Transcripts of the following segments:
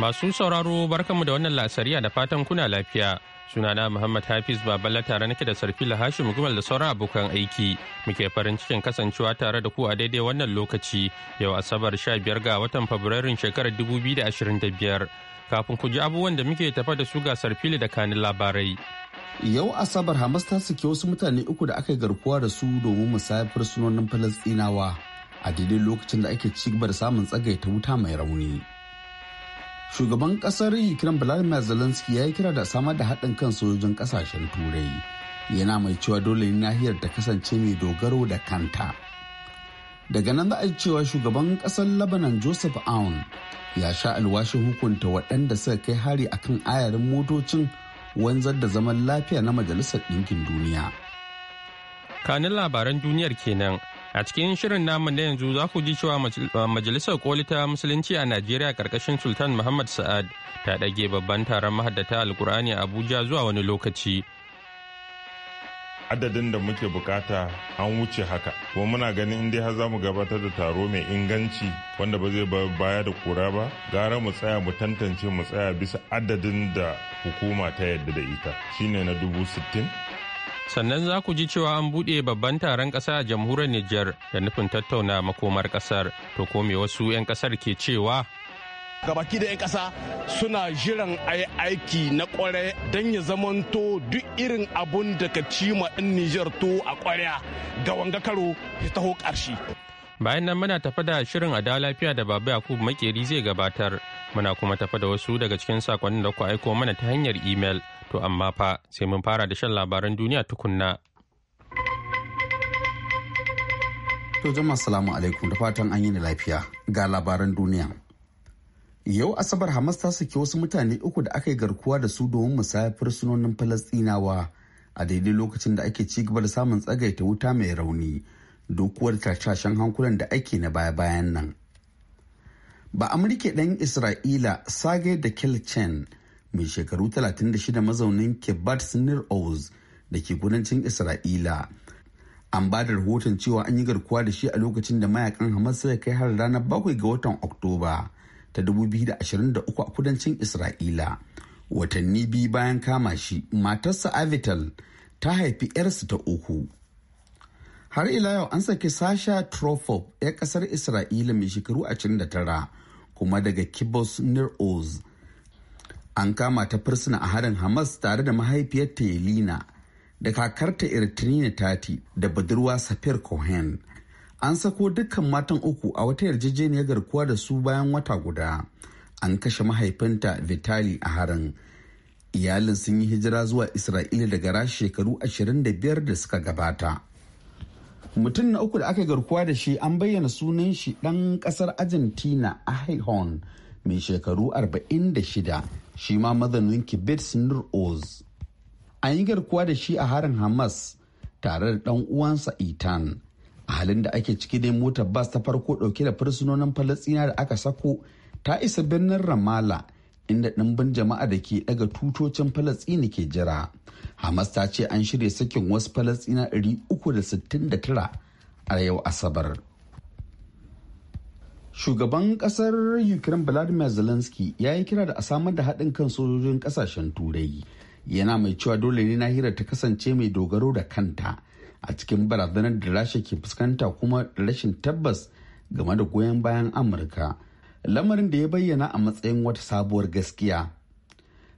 Masu sauraro barkanmu da wannan lasariya da fatan kuna lafiya. Sunana Muhammad Hafiz Baballa tare nake da Sarfila Hashim Gumal da sauran abokan aiki. Muke farin cikin kasancewa tare da ku a daidai wannan lokaci yau Asabar 15 ga watan Fabrairun shekarar 2025. Kafin ku ji abubuwan da muke tafa da su ga Sarfili da kanin labarai. Yau Asabar Hamas ta saki wasu mutane uku da aka garkuwa da su domin musayafar sunonin Falasɗinawa a daidai lokacin da ake ci gaba da samun tsagaita wuta mai rauni. shugaban kasar ukraine vladimir zelensky ya yi kira da samar da haɗin kan sojojin ƙasashen turai yana mai cewa dole ne nahiyar ta kasance mai dogaro da kanta daga nan za a cewa shugaban ƙasar lebanon joseph aoun ya sha alwashin hukunta waɗanda suka kai hari akan ayarin motocin wanzar da zaman lafiya na majalisar ɗinkin duniya kanin labaran duniyar kenan A cikin shirin namun na yanzu za ku ji cewa Majalisar Koli ta Musulunci a Najeriya karkashin Sultan Muhammad Sa'ad ta ɗage babban taron mahaddata Alkur'ani a Abuja zuwa wani lokaci. Adadin da muke bukata an wuce haka, kuma muna ganin inda har za mu gabatar da taro mai inganci wanda ba zai baya da kura ba, gara mu tsaya mu tantance mu tsaya bisa adadin da hukuma ta yadda da ita, shine na dubu sittin sannan za ku ji cewa an buɗe babban taron ƙasa a jamhuriyar Nijar da nufin tattauna makomar ƙasar to ko me wasu 'yan ƙasar ke cewa gabaki da 'yan ƙasa suna jiran ayi aiki na ƙware don ya zamanto duk irin abun da ka cima in Nijar to a ƙwarya ga wanga karo ya taho ƙarshe. Bayan nan muna tafa da shirin a lafiya da Baba Yakubu Makeri zai gabatar muna kuma tafa da wasu daga cikin sakonnin da ku aiko mana ta hanyar imel. To amma fa sai mun fara da shan labaran duniya tukunna. To jama'a salamu alaikum da fatan an yi lafiya ga labaran duniya. Yau Asabar Hamas ta saki wasu mutane uku da aka yi garkuwa da su domin musayar fursunonin Falastinawa a daidai lokacin da ake ci gaba da samun tsagaita wuta mai rauni dokuwar tashashen hankulan da ake na baya-bayan nan. Ba Amurka ɗan Isra'ila Sage da Kilchen mai shekaru 36 mazaunin kibbat sinir oz da ke kudancin isra'ila an ba da rahoton cewa an yi garkuwa da shi a lokacin da mayakan hamas suka kai har ranar bakwai ga watan oktoba ta 2023 a kudancin isra'ila watanni biyu bayan kama shi matarsa avital ta haifi yarsa ta uku har ila yau an saki sasha trofop 'yar kasar isra'ila mai shekaru 29 kuma daga kibbutz nir oz an kama ta fursuna a harin hamas tare da mahaifiyarta yelena da kakarta irtinina tati da budurwa safir cohen an sako dukkan matan uku a wata yarjejeniyar garkuwa da su bayan wata guda an kashe mahaifinta vitali a harin iyalin sun yi hijira zuwa isra'ila daga rashi shekaru 25 da suka gabata mutum na uku da aka garkuwa da shi an bayyana sunan shi ɗan ƙasar argentina ahihon mai shekaru 46 shi ma mazanin kibbutz nur oz an yi garkuwa da shi a harin hamas tare da ɗan uwansa itan a halin da ake ciki dai motar bas ta farko ɗauke da fursunonin falastina da aka sako ta isa birnin ramala inda ɗimbin jama'a da ke ɗaga tutocin falastina ke jira hamas ta ce an shirya sakin wasu falastina 369 a yau asabar shugaban kasar ukraine vladimir zelensky ya yi kira da a samar da haɗin kan sojojin ƙasashen turai yana mai cewa dole ne nahirar ta kasance mai dogaro da kanta a cikin barazanar da rasha ke fuskanta kuma rashin tabbas game da goyon bayan amurka lamarin da ya bayyana a matsayin wata sabuwar gaskiya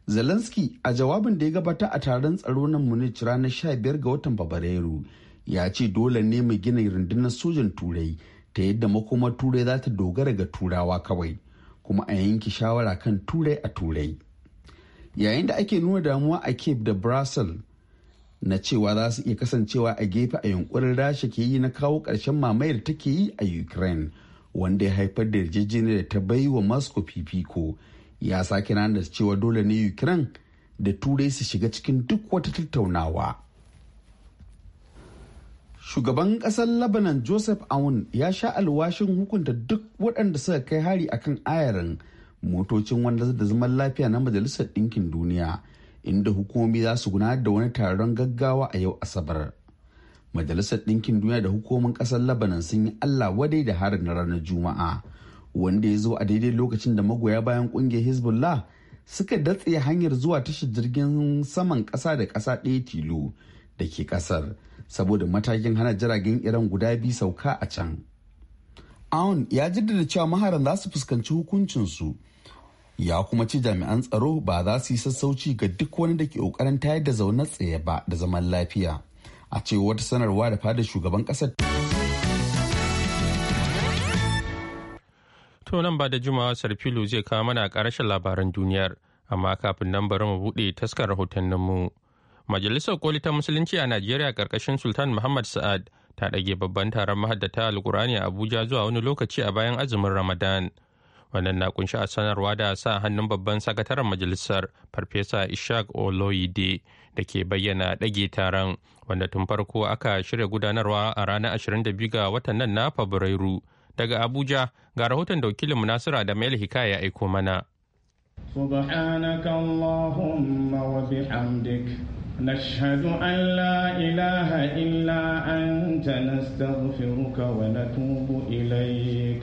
zelensky a jawabin da ya gabata a taron tsaro na munich ranar 15 ga watan fabrairu ya ce dole ne mu gina rundunar sojan turai ta yadda makomar turai za ta dogara ga turawa kawai kuma a yanki shawara kan turai a turai yayin da ake nuna damuwa a cape da brussels na cewa za su iya kasancewa a gefe a yunkurin rasha ke yi na kawo ƙarshen mamayar take yi a ukraine wanda ya haifar da yarjejeniyar da ta bai wa moscow fifiko ya sake nan da cewa dole ne ukraine da turai su shiga cikin duk wata tattaunawa shugaban kasar lebanon joseph aoun ya sha alwashin hukunta duk waɗanda suka kai hari akan ayarin motocin wanda da zaman lafiya na majalisar ɗinkin duniya inda hukumomi za su gudanar da wani taron gaggawa a yau asabar majalisar ɗinkin duniya da hukumomin ƙasar labanan sun yi allah wadai da harin na ranar juma'a wanda ya zo a daidai lokacin da magoya bayan ƙungiyar hezbollah suka datse hanyar zuwa tashar jirgin saman ƙasa da ƙasa ɗaya tilo da ke kasar saboda matakin hana jiragen iran guda biyu sauka a can aun ya jaddada cewa maharan za su fuskanci hukuncinsu ya kuma ci jami'an tsaro ba za su yi sassauci ga duk wani da ke kokarin tayar da zaune tsaye ba da zaman lafiya a ce wata sanarwa da fada shugaban kasar to nan ba da jimawa sarfilo zai kawo mana karashin labaran duniyar amma kafin nan bari mu buɗe taskar rahotanninmu mu Majalisar Koli ta Musulunci a Najeriya ƙarƙashin Sultan Muhammad Sa'ad ta ɗage babban taron mahaddata Alƙur'ani a Abuja zuwa wani lokaci a bayan azumin Ramadan. Wannan na kunshi a sanarwa da sa hannun babban sakataren majalisar Farfesa Ishaq Oloyide da ke bayyana ɗage taron wanda tun farko aka shirya gudanarwa a ranar 22 ga watan nan na Fabrairu. Daga Abuja ga rahoton da wakilin Nasira da Mail Hikaya ya aiko mana. نشهد أن لا إله إلا أنت نستغفرك ونتوب إليك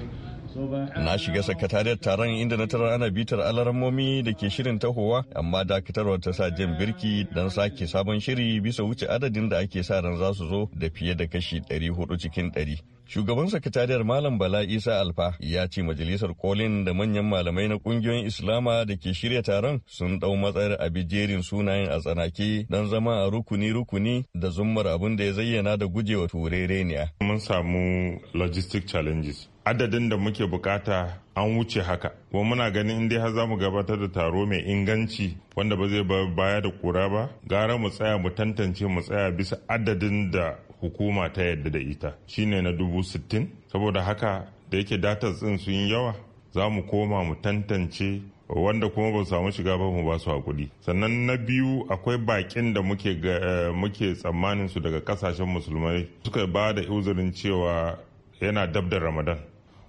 Na shiga sakatariyar taron inda na tarar ana bitar momi da ke shirin tahowa, amma dakatarwa ta sa jan birki don sake sabon shiri bisa wuce adadin da ake sa ran za su zo da fiye da kashi 400 cikin 100. Shugaban sakatariyar Malam Bala Isa Alfa ya ce majalisar kolin da manyan malamai na kungiyoyin Islama da ke shirya taron sun dau matsayar jerin sunayen a tsanake don zama a rukuni-rukuni da zummar abin da ya zayyana da gujewa turereniya. Mun samu logistic challenges. Adadin da muke bukata an wuce haka. Kuma muna ganin inda dai har za mu gabatar da taro mai inganci wanda ba zai baya da kura ba, gara mu tsaya mu tantance mu tsaya bisa adadin da hukuma ta yadda da ita shi ne na dubu sittin saboda haka da yake datas ɗin sun yi yawa za mu koma mu tantance wanda kuma ba samu shiga ba mu ba su hakuri sannan na biyu akwai bakin da eh, muke tsammanin su daga kasashen musulmai suka ba da uzurin cewa yana dab da ramadan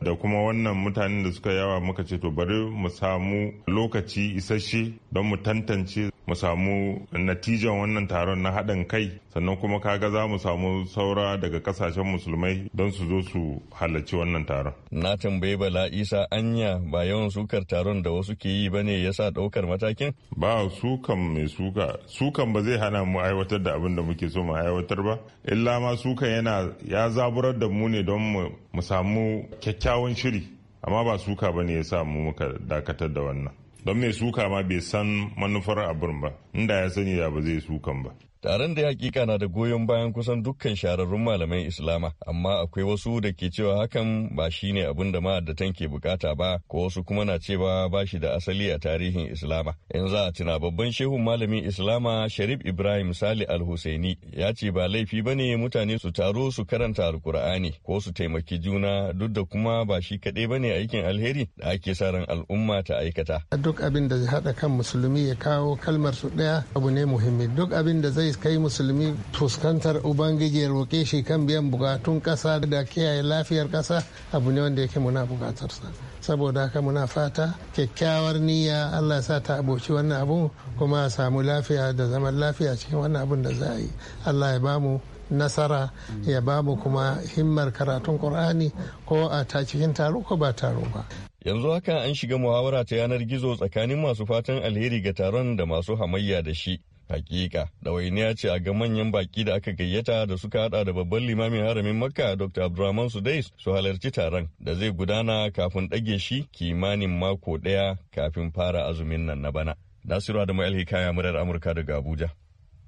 da kuma wannan mutanen da suka yawa muka ce to bari mu samu lokaci isasshe don mu tantance mu samu natijan wannan taron na haɗin kai sannan kuma kaga za mu samu saura daga kasashen musulmai don su zo su halarci wannan taron. Na tambayi Bala Isa Anya ba yawan sukar taron da wasu ke yi ba ne ya sa ɗaukar matakin? Ba sukan mai suka, sukan ba zai hana mu aiwatar da abin da muke so mu aiwatar ba, illa ma sukan yana ya zaburar da mu ne don mu samu kyakkyawan kyakkyawan shiri amma ba suka ba ne ya samu muka dakatar da wannan don mai suka ma bai san manufar abin ba inda ya sani da ba zai sukan ba Taron da ya hakika na da goyon bayan kusan dukkan shahararrun malaman Islama, amma akwai wasu da ke cewa hakan ba shi ne abin da ma'addatan ke bukata ba, ko wasu kuma na cewa ba shi da asali a tarihin Islama. In za a tuna babban shehun malamin Islama Sharif Ibrahim Sali Al-Husaini ya ce ba laifi ba ne mutane su taro su karanta Alkur'ani ko su taimaki juna duk da kuma ba shi kaɗai ba ne aikin alheri da ake sa ran al'umma ta aikata. Duk abin da zai haɗa kan musulmi ya kawo kalmar su ɗaya abu ne muhimmi. Duk abin da zai zai kai musulmi fuskantar ubangiji roƙe shi kan biyan bukatun kasa da kiyaye lafiyar kasa abu ne wanda yake muna bukatarsa saboda haka muna fata kyakkyawar niyya allah sa ta aboci wannan abu kuma a samu lafiya da zaman lafiya cikin wannan abun da za a yi allah ya bamu nasara ya bamu kuma himmar karatun qur'ani ko a ta cikin taro ko ba taro ba yanzu haka an shiga muhawara ta yanar gizo tsakanin masu fatan alheri ga taron da masu hamayya da shi Hakika, ɗawainiya ce a ga manyan baki da aka gayyata da suka hada da babban limamin haramin Makka Dr. Abdulrahman Sudais su halarci taron da zai gudana kafin ɗage shi kimanin mako ɗaya kafin fara azumin nan na bana. Nasiru Adamu Hikaya murar Amurka daga Abuja,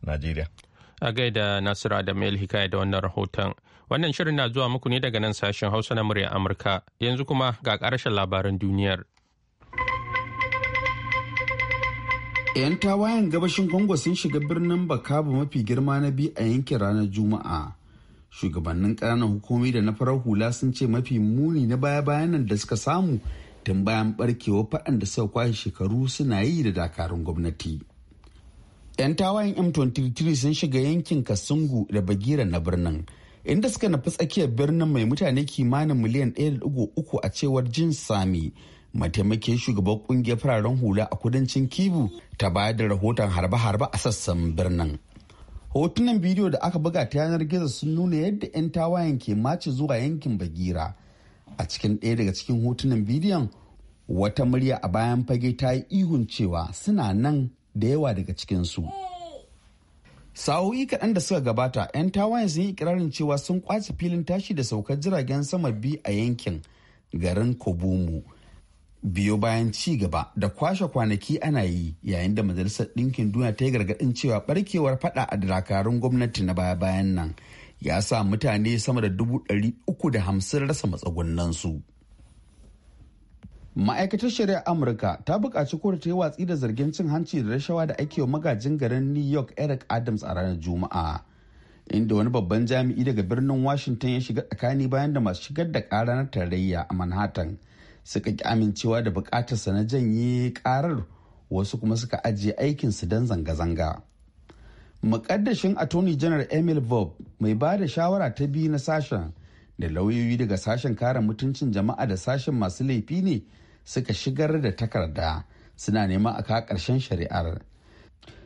Najeriya. A gaida Nasiru Adamu Hikaya da wannan rahoton. Wannan shirin na zuwa muku ne daga nan sashen Hausa na murya Amurka. Yanzu kuma ga ƙarshen labaran duniyar. 'yan tawayen gabashin congo sun shiga birnin bakabu mafi girma na biyu a yankin ranar juma'a shugabannin ƙananan hukumi da na farar hula sun ce mafi muni na baya-bayan da suka samu tun bayan barkewa faɗan da suka kwashe shekaru suna yi da dakarun gwamnati 'yan tawayen m23 sun shiga yankin kasungu da bagira na birnin inda suka nufi tsakiyar birnin mai mutane kimanin miliyan 1.3 a cewar jin sami mataimakin shugaban kungiyar fararen hula a kudancin kibu ta bayar da rahoton harbe-harbe a sassan birnin hotunan bidiyo da aka buga ta yanar gizo sun nuna yadda 'yan tawayen ke mace zuwa yankin bagira a cikin ɗaya daga cikin hotunan bidiyon wata murya a bayan fage ta yi ihun cewa suna nan da yawa daga cikinsu sa'o'i kaɗan da suka gabata 'yan tawayen sun yi ikirarin cewa sun kwace filin tashi da saukar jiragen sama biyu a yankin garin kobumu biyo bayan ci gaba da kwashe kwanaki ana yi yayin da majalisar ɗinkin duniya ta yi gargaɗin cewa barkewar fada a dakarun gwamnati na baya bayan nan ya sa mutane sama da dubu ɗari uku da hamsin rasa matsagunansu. ma'aikatar shari'ar amurka ta buƙaci kotu ta yi watsi da zargin cin hanci da rashawa da ake wa magajin garin new york eric adams a ranar juma'a inda wani babban jami'i daga birnin washington ya shiga tsakani bayan da masu shigar da ƙara na tarayya a manhattan suka ki amincewa da bukatarsa na janye karar wasu kuma suka ajiye aikinsu don zanga-zanga Muƙaddashin attorney general emil bob mai ba da shawara ta biyu na sashen da lauyoyi daga sashen kare mutuncin jama'a da sashen masu laifi ne suka shigar da takarda suna neman a ka ƙarshen shari'ar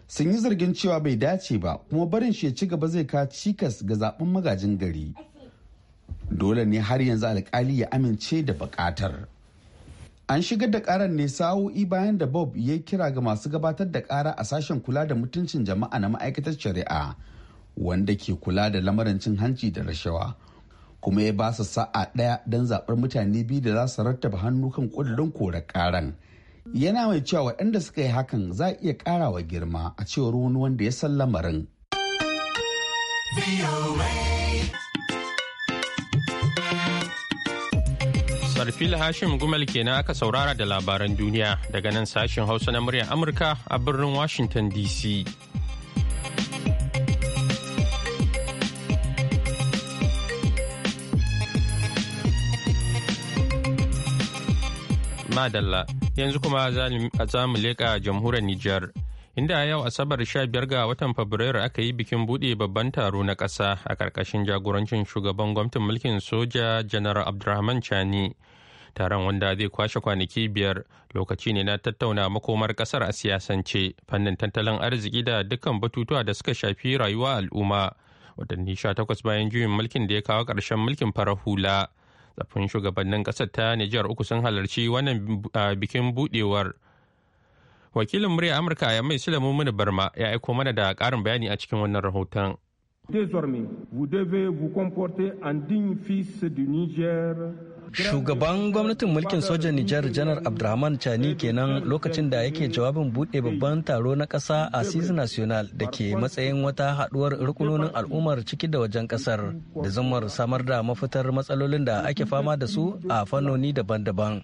sun yi zargin cewa bai dace ba kuma barin shi ya ci gaba zai ka cikas ga zaben magajin gari dole ne har yanzu alƙali ya amince da bukatar. An shigar da karar ne sa'o'i bayan da Bob ya kira ga masu gabatar da kara a sashen kula da mutuncin jama'a na ma'aikatar shari'a wanda ke kula da lamarin cin hanci da rashawa. Kuma ya ba su sa'a ɗaya don zaɓar mutane biyu da za su rattaba hannu kan ƙudurin korar karan. Yana mai cewa waɗanda suka yi hakan za iya ƙarawa girma a cewar wani wanda ya san lamarin. Sarfil Hashim Gumal kenan aka saurara da labaran duniya daga nan sashen Hausa na muryar Amurka a birnin Washington DC. Madalla yanzu kuma za mu leƙa jamhuriyar Nijar. Inda yau Asabar 15 ga watan Fabrairu aka yi bikin buɗe babban taro na ƙasa a ƙarƙashin jagorancin shugaban gwamnatin mulkin soja Janar Abdurrahman Chani. taron wanda zai kwashe kwanaki biyar lokaci ne na tattauna makomar kasar a siyasance fannin tattalin arziki da dukkan batutuwa da suka shafi rayuwa al'umma watanni takwas bayan juyin mulkin da ya kawo karshen mulkin farar hula shugabannin ƙasar ta nijar uku sun halarci wannan bikin budewar wakilin murya amurka ya mai silamu mini barma ya aiko mana da ƙarin bayani a cikin wannan rahoton Désormais, vous devez vous comporter en digne fils du Niger Shugaban gwamnatin mulkin sojan Nijar Janar Abdurrahman Chani kenan lokacin da yake jawabin bude babban taro na kasa a cis National da ke matsayin wata haduwar rukunonin al'ummar ciki da wajen kasar da zumar samar da mafitar matsalolin da ake fama da su a fannoni daban-daban.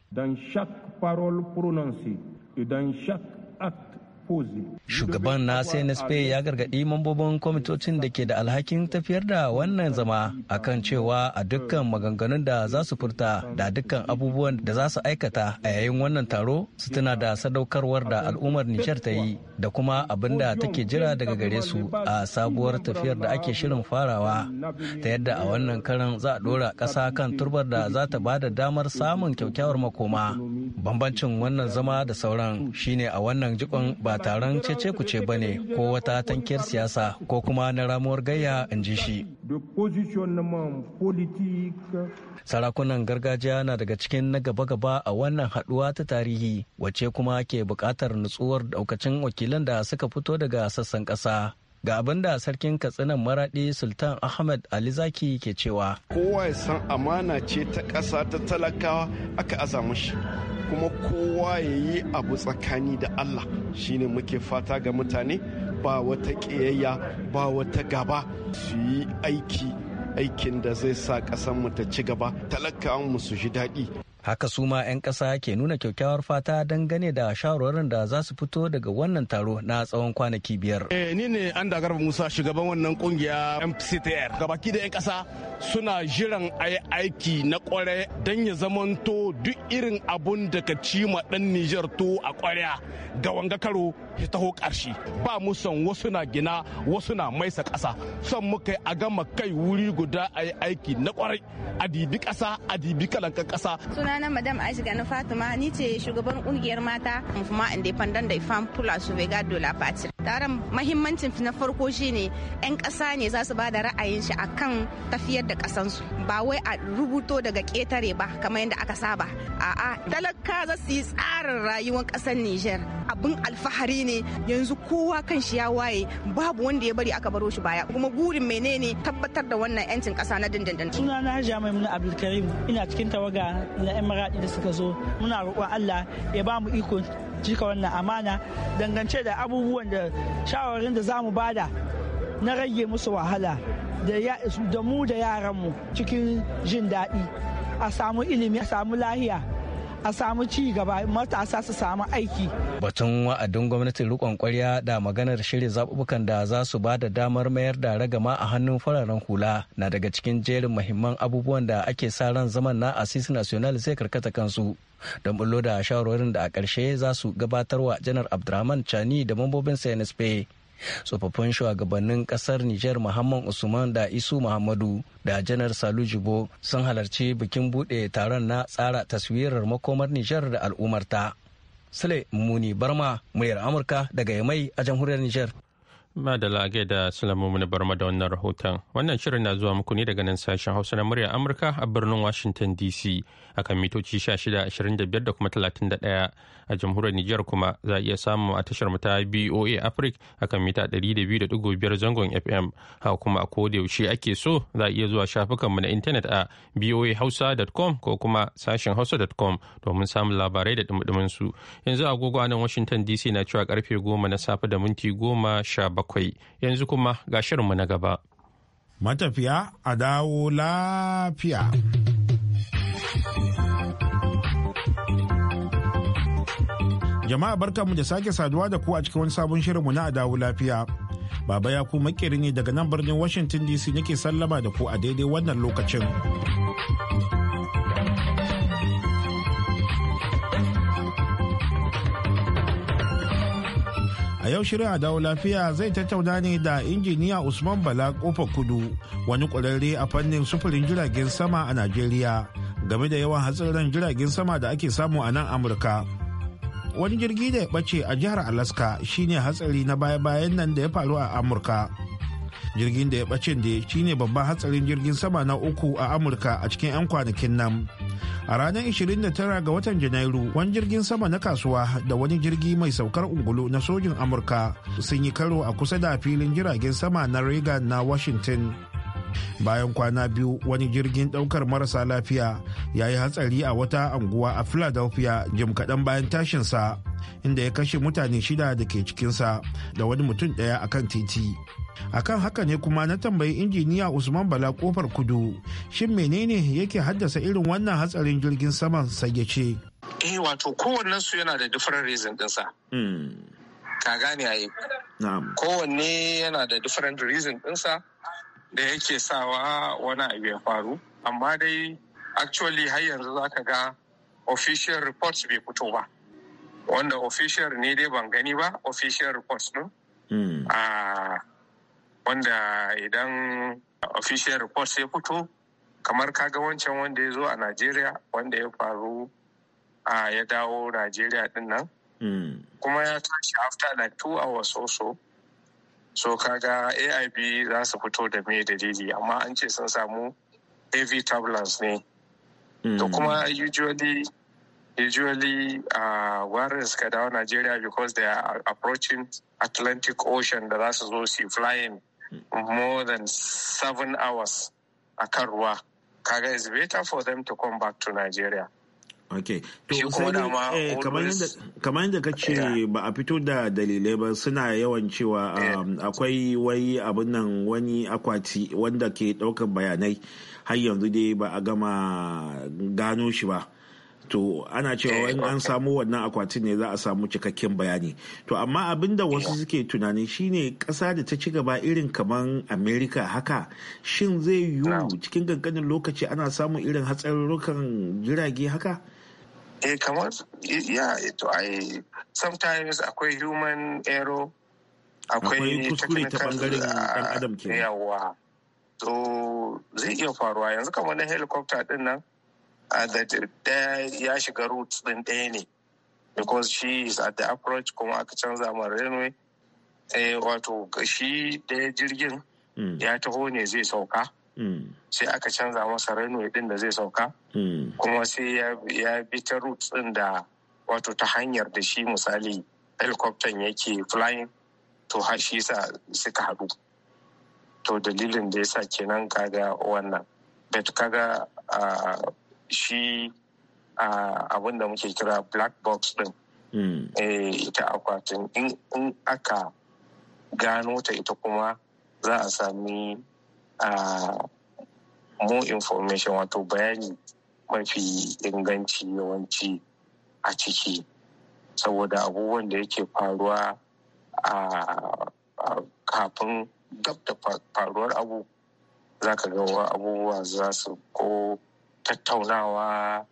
Shugaban na CNSP ya gargaɗi mambobin kwamitocin da ke da alhakin tafiyar da wannan zama akan cewa a dukkan maganganun da za su furta da dukkan abubuwan da za su aikata a yayin wannan taro su tuna da sadaukarwar da al'ummar Nijar ta yi da kuma abin da take jira daga gare su a sabuwar tafiyar da ake shirin farawa ta yadda a wannan karan za a dora ƙasa kan turbar da za ta ba da damar samun kyakkyawar makoma. Bambancin wannan zama da sauran shine a wannan jikon ba taron cece ku ba ne ko wata tankiyar siyasa ko kuma na ramuwar gayya in ji shi. Sarakunan gargajiya na daga cikin na gaba-gaba a wannan haɗuwa ta tarihi wacce kuma ke bukatar nutsuwar daukacin wakilan da suka fito daga sassan ƙasa. ga abin da sarkin katsinan maraɗi sultan ahmed alizaki ke cewa kowa ya san amana ce ta ƙasa ta talakawa aka azamushi. kuma kowa ya yi abu tsakani da Allah shi ne muke fata ga mutane ba wata ƙiyayya ba wata gaba su yi aiki aikin da zai sa ƙasanmu ta ci gaba talakawan su ji daɗi haka su ma 'yan ƙasa ke nuna kyakkyawar fata dangane da shawarwarin da za su fito daga wannan taro na tsawon kwanaki biyar. Eh, ni ne an da garba musa shugaban wannan kungiya mctr gabaki da 'yan ƙasa suna jiran yi aiki na kware don ya zamanto duk irin abun da ka ci ma dan nijar to a kwarya ga wanga karo ya taho ƙarshe ba mu son wasu na gina wasu na maisa ƙasa son mu kai a gama kai wuri guda yi aiki na kwarai a dibi ƙasa a dibi kalan ƙasa. sunana madam aisha gani fatima ni ce shugaban kungiyar mata kuma independent da ifan pula su vega dola fatir taron mahimmancin na farko shine 'yan ƙasa ne za su ba da ra'ayin shi a kan tafiyar da ƙasansu ba wai a rubuto daga ƙetare ba kamar yadda aka saba a'a talaka za su yi tsarin rayuwar ƙasar Nijar abin alfahari ne yanzu kowa kan shi ya waye babu wanda ya bari aka baro shi baya kuma gurin menene tabbatar da wannan 'yancin kasa na dindindin suna na Hajiya Maimuna Abdulkarim ina cikin tawaga na 'yan da suka zo muna roƙon Allah ya ba mu iko cika wannan amana dangance da abubuwan da shawarin da za mu bada na rage musu wahala da mu da yaran mu cikin jin daɗi a samu ilimi a samu lahiya a samu ci gaba matasa su samu aiki. Batun wa'adin gwamnatin rikon kwarya da maganar shirin zaɓuɓɓukan da za su ba da damar mayar da ragama a hannun fararen hula na daga cikin jerin mahimman abubuwan da ake sa ran zaman na asisi national zai karkata kansu. don bullo da shawarwarin da a ƙarshe za su gabatarwa janar abdulrahman chani da mambobin cnsp tsofaffin shugabannin kasar Nijar Muhammad Usman da Isu Muhammadu da Janar Salu Jibo sun halarci bikin buɗe taron na tsara taswirar makomar Nijar da al'ummarta. Sule Muni Barma, muryar Amurka daga Yamai a jamhuriyar Nijar. Madala ga da muni Barma da wannan rahoton. Wannan shirin na zuwa muku ne daga nan sashen Hausa na muryar Amurka a birnin Washington DC. a kan mitoci 1625 da kuma 31 a jamhuriyar Nijar kuma za a iya samu a tashar mu ta BOA Africa a akan mita 200.5 zangon FM haka kuma a koda yaushe ake so za a iya zuwa shafukanmu na intanet a boahausa.com ko kuma sashen hausa.com domin samun labarai da dumudumin su yanzu agogo a nan Washington DC na cewa karfe 10 na safe da minti 17 yanzu kuma ga shirinmu na gaba matafiya a dawo lafiya Jama'a mu da sake saduwa da ku a cikin wani sabon shirinmu na dawo lafiya. Baba ya ku makeri ne daga nan birnin Washington DC nake sallama da ku a daidai wannan lokacin. a yau shirin a dawo lafiya zai tattauna ne da injiniya usman bala kofar kudu wani kwararre a fannin sufurin jiragen sama a najeriya game da yawan hatsarin jiragen sama da ake samu a nan amurka wani jirgi da ya ɓace a jihar alaska shine hatsari na baya-bayan nan da ya faru a amurka jirgin da ya ɓace da shine babban hatsarin jirgin sama na uku a amurka a cikin 'yan kwanakin nan a ranar 29 ga watan janairu wani jirgin sama na kasuwa da wani jirgi mai saukar ungulu na sojin amurka sun yi karo a kusa da filin jiragen sama na reagan na washington bayan kwana biyu wani jirgin daukar marasa lafiya ya yi hatsari a wata anguwa a philadelphia jim kaɗan bayan tashinsa inda ya kashe mutane shida da ke cikinsa da wani mutum ɗaya akan titi akan haka ne kuma na tambayi injiniya usman bala kofar kudu shin menene yake haddasa irin wannan hatsarin jirgin saman sai ce eh wato su yana da different reason hmm. ka gane kowanne yana da different reason ɗinsa da yake sawa wani abu ya faru amma dai actually har yanzu za ka ga official reports bai fito ba wanda official ne dai ban gani ba official reports din hmm. ah, wanda idan official reports ya fito kamar kaga wancan wanda ya zo a Najeriya wanda ya faru a ya dawo Najeriya din nan. Hmm. Kuma ya tashi after like two hours or so so kaga aib za su fito da me dalili amma an ce sun samu heavy turbulence ne da hmm. kuma usually usually ah, warrens ka suka dawo nigeria because they are approaching atlantic ocean da za su zo su flying more than seven hours a kan ruwa kaga is better for them to come back to nigeria okay to sai eh, kamar yadda ka ce ba a fito da dalilai ba suna yawan cewa um, akwai wai abin nan wani akwati wanda ke ɗaukar bayanai har yanzu dai ba a gama gano shi ba to ana cewa wani eh, an samu wannan akwatin ne za a samu cikakken bayani to amma abin da wasu suke tunani shine ƙasa da ta ci gaba irin kaman amerika haka shin zai yiwu cikin ganganin lokaci ana samun irin hatsarurrukan jirage haka eh kamar ya to ai sometimes akwai human error akwai kuskure ta bangaren dan ah, adam ke yawa to zai iya faruwa yanzu kamar na helicopter din nan da ya shiga route din ɗaya ne because she is at the approach kuma aka canza ma railway eh wato shi da jirgin hmm. ya taho ne zai sauka Mm. sai aka canza masa rainway din da zai sauka mm. kuma sai ya bi ta route din da wato ta hanyar da shi misali helicopter yake flying to har shi sa suka haɗu to dalilin da yasa kenan kaga wannan bet kaga shi abin da muke kira black box din mm. eh, ita akwatin in aka gano ta ita kuma za a sami A mu information wato bayani mafi inganci yawanci a ciki saboda abubuwan da yake faruwa a kafin gab da faruwar abu za ka ga abubuwa za su ko tattaunawa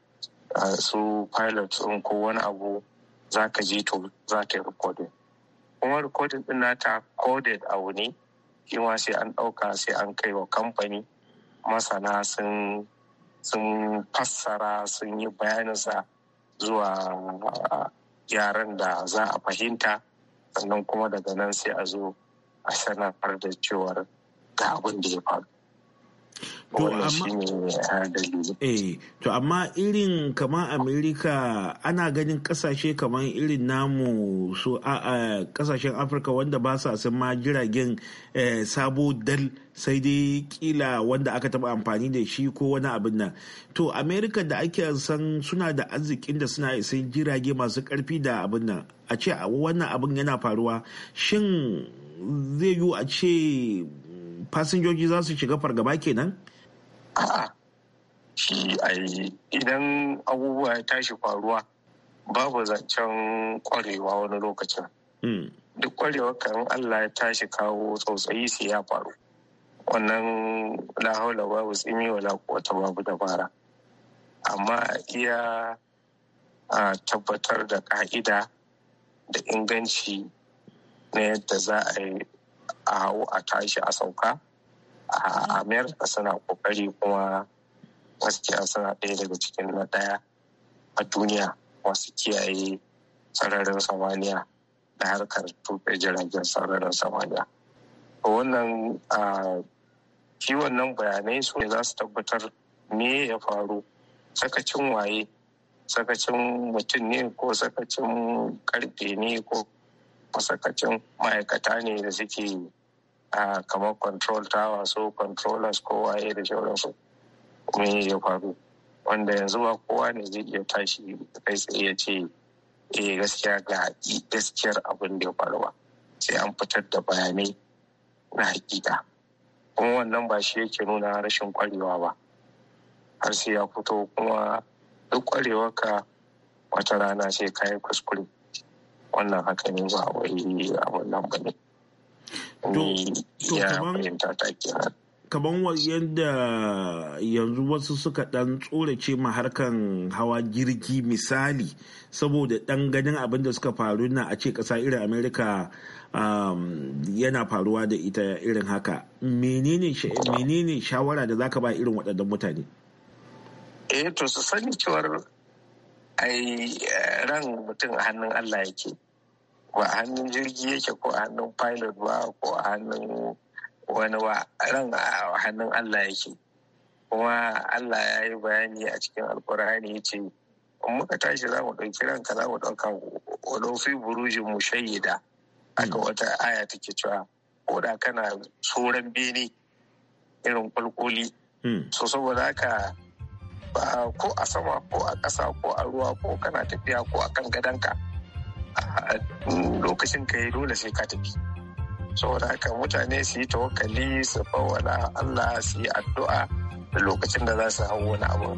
su pilot ɗin ko wani abu za ka ji to za ta yi recording kuma recording ɗin ta coded abu ne kima sai an ɗauka sai an kai wa kamfani masana sun fassara sun yi bayaninsa zuwa yaran da za a fahimta sannan kuma daga nan sai a zo a sanar da cewar ga abin da ya faru Eh, to amma irin kamar amerika ana ganin kasashe kamar irin namu su a kasashen afirka wanda ba sa sun ma jiragen eh, sabo dal sai dai kila wanda aka taba amfani da shi ko wani abin nan to amerika da ake san suna da arzikin da suna isa jirage masu karfi da abin nan a ce wannan abin yana faruwa shin zai yiwu a ce fasinjoji za su shiga fargaba kenan? shi idan abubuwa ya tashi faruwa babu zancen kwarewa wani lokacin hmm. duk kwarewa kan allah ya tashi kawo tsautsayi sai ya faru wannan lahaula babu tsimi wala wata babu dabara amma a iya tabbatar da ka'ida da inganci na yadda za a yi a hau a tashi a sauka a amerika suna kokari kuma gaskiya suna ɗaya daga cikin na ɗaya a duniya wasu kiyaye sararin samaniya da harkar tuɓe jiragen sararin samaniya wannan shi wannan bayanai su ne za su tabbatar me ya faru sakacin waye sakacin mutum ne ko sakacin karfe ne ko sakacin ma'aikata ne da suke kamar control tower so controllers ko waye da shauransu yi ya faru wanda yanzu ba kowa ne zai iya tashi kai tsaye ya ce eh gaskiya ga gaskiyar abin da ya faru ba sai an fitar da bayanai na hakika kuma wannan ba shi yake nuna rashin kwarewa ba har sai ya fito kuma duk ka wata rana sai ka kuskure wannan haka ne ba wai abin nan ba ne to kaman kaman yadda yanzu wasu suka dan tsorace ma harkan hawa jirgi misali saboda dan ganin abin da suka faru na a ce kasa irin amerika um, yana faruwa da ita irin haka menene shawara da zaka ba irin waɗannan mutane eh to su sani cewar ai eh, ran mutum a hannun allah yake ba a hannun jirgi yake ko a hannun pilot ba ko a hannun wani ba ran a hannun Allah yake kuma Allah ya yi bayani a cikin alkur'ani ya ce in muka tashi za mu ɗauki ranka za mu ɗauka wadofi burujin mu shayyida haka hmm. wata aya take cewa ko da kana tsoron bene irin kwalkwali hmm. so saboda haka ko a sama ko a ƙasa ko a ruwa ko kana tafiya ko a kan gadonka. Ah, lokacin ka yi dole sai ka tafi saboda haka mutane su yi tawakkali su bawala Allah su yi addu'a da lokacin da za su hau wani abu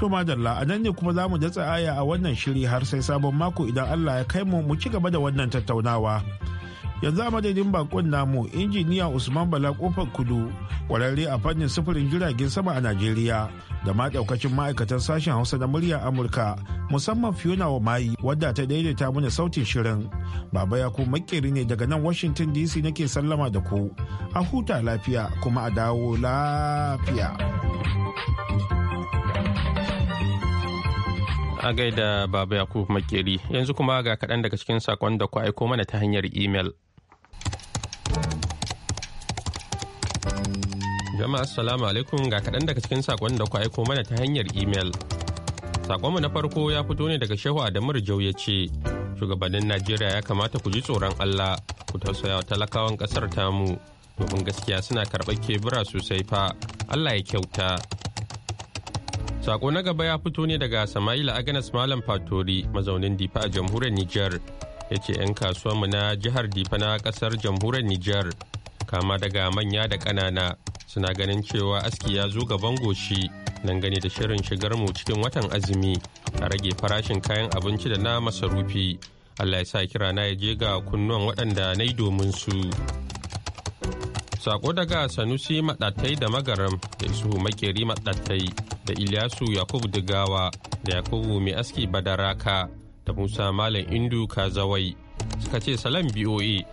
To madalla a nan ne kuma za mu datsa aya a wannan shiri har sai sabon mako idan Allah ya kai mu mu ci gaba da wannan tattaunawa. yanzu a madadin bakon namu injiniya usman bala kofar kudu kwararre a fannin sufurin jiragen sama a najeriya da ma daukacin ma'aikatan sashen hausa na murya amurka musamman fiona wa mayi wadda ta daidaita mana sautin shirin baba ya ku makeri ne daga nan washington dc nake sallama da ku a huta lafiya kuma a dawo lafiya a gaida baba ku makeri yanzu kuma ga kaɗan daga cikin sakon da ku aiko mana ta hanyar imel. Jama'a assalamu alaikum ga kaɗan daga cikin sakon da ku aiko mana ta hanyar imel. saƙonmu na farko ya fito ne daga Shehu Adamu jau ya ce, Shugabannin Najeriya ya kamata ku ji tsoron Allah, ku tausaya wa talakawan ƙasar tamu, domin gaskiya suna karɓar kebura sosai fa, Allah ya kyauta. saƙo na gaba ya fito ne daga Sama'ila agnes Malam Fatori, mazaunin Difa a jamhuriyar Nijar, ya ce 'yan kasuwanmu na jihar Difa na ƙasar jamhuriyar Nijar kama daga manya da ƙanana suna ganin cewa aski ya zo gaban goshi gani da shirin shigar mu cikin watan azumi a rage farashin kayan abinci da na masarufi allah ya sa kira na ya je ga kunnuwan waɗanda na yi domin su sako daga sanusi maɗatai da magaram da isuhu makeri maɗatai da ilyasu yakub digawa da yakubu mai aski badaraka da musa malam indu kazawai suka ce salam boa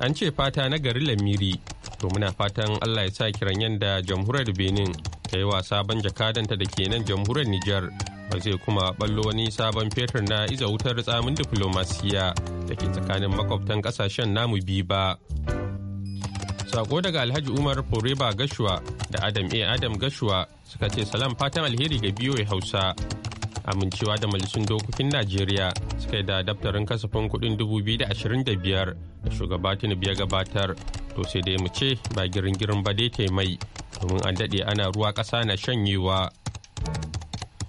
an ce fata na gari lamiri to muna fatan allah ya sa kiran yadda jamhuriyar benin ta yi wa sabon jakadanta da ke nan jamhuriyar niger ba zai kuma ballo wani sabon fetur na iza wutar tsamin diflomasiya da ke tsakanin makwabtan kasashen namu biyu ba sako daga alhaji umar foreba gashuwa da adam a adam gashuwa suka ce salam fatan alheri ga biyo hausa amincewa da majalisun dokokin najeriya suka yi da daftarin kasafin kudin 2025 da shugaba tinubu ya gabatar to sai dai mu ce ba girin girin ba dai ta mai domin an daɗe ana ruwa ƙasa na shanyewa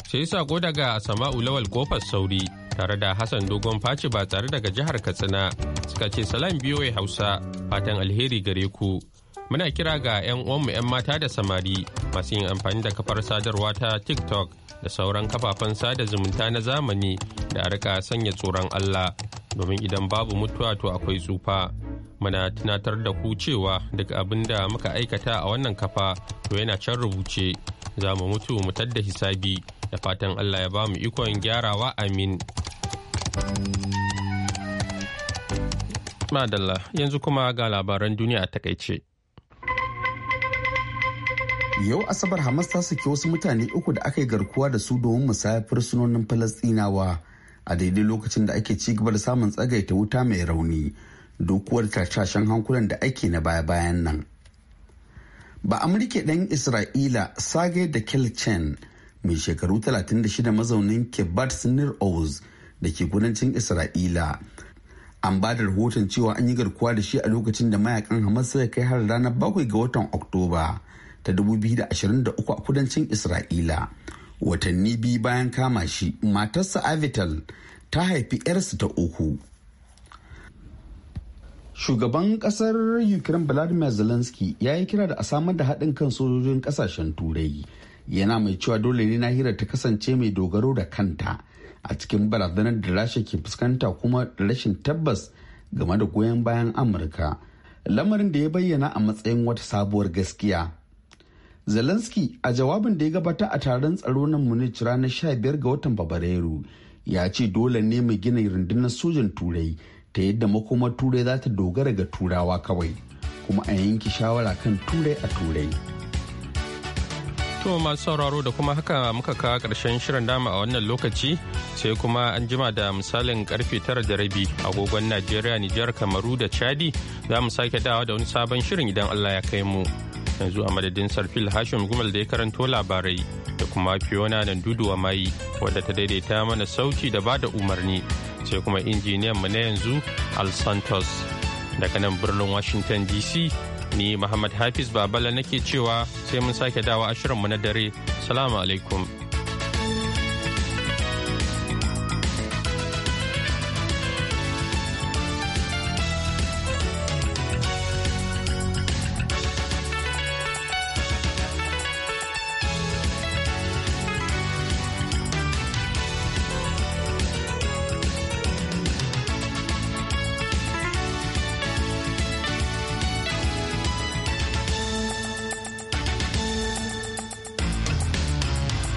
sai sako daga sama'u lawal kofar sauri tare da hassan dogon faci ba tare daga jihar katsina suka ce salam ya hausa fatan alheri gare ku muna kira ga 'yan uwanmu 'yan mata da samari masu yin amfani da kafar sadarwa ta tiktok da sauran kafafen sada zumunta na zamani da arka sanya tsoron allah domin idan babu mutuwa to akwai tsufa muna tunatar da ku cewa duk abin da muka aikata a wannan kafa to yana can rubuce za mu mutu mu tadda hisabi da fatan allah ya ba mu ikon gyarawa amin madalla yanzu kuma ga labaran duniya a takaice yau asabar hamas ta saki wasu mutane uku da aka yi garkuwa da su domin musayar sunonin falastinawa a daidai lokacin da ake ci gaba da samun tsagaita wuta mai rauni dokuwar tashashen hankulan da ake na baya-bayan nan ba amurke ɗan isra'ila sage da kilchen mai shekaru 36 mazaunin kibbutz sinir oz da ke kudancin isra'ila an ba da rahoton cewa an yi garkuwa da shi a lokacin da mayakan hamas suka kai har ranar bakwai ga watan oktoba ta 2023 a kudancin Isra'ila. Watanni biyu bayan kama shi, matarsa Avital ta haifi 'yarsu ta uku. Shugaban kasar Ukraine Vladimir Zelensky ya yi kira da a samar da haɗin kan sojojin ƙasashen Turai. Yana mai cewa dole ne na hira ta kasance mai dogaro da kanta a cikin barazanar da Rasha ke fuskanta kuma rashin tabbas game da goyon bayan Amurka. Lamarin da ya bayyana a matsayin wata sabuwar gaskiya Zelensky a jawabin da ya gabata a taron tsaro na Munich ranar 15 ga watan Fabrairu ya ce dole ne mu gina rundunar sojan turai ta yadda makomar turai za ta dogara ga turawa kawai kuma a yanki shawara kan turai a turai. To masu sauraro da kuma haka muka kawo karshen shirin dama a wannan lokaci sai kuma an jima da misalin karfe tara da rabi agogon Najeriya, Nijar, Kamaru da Chadi za mu sake dawa da wani sabon shirin idan Allah ya kai mu. yanzu a madadin sarfil hashim gumal da ya karanto labarai da kuma fiona nan duduwa mai wadda ta daidaita mana sauci da bada umarni sai kuma injiniyan mu na yanzu al santos daga nan birnin washington dc ni muhammad hafiz babala nake cewa sai mun sake dawa shirin mu na dare salamu alaikum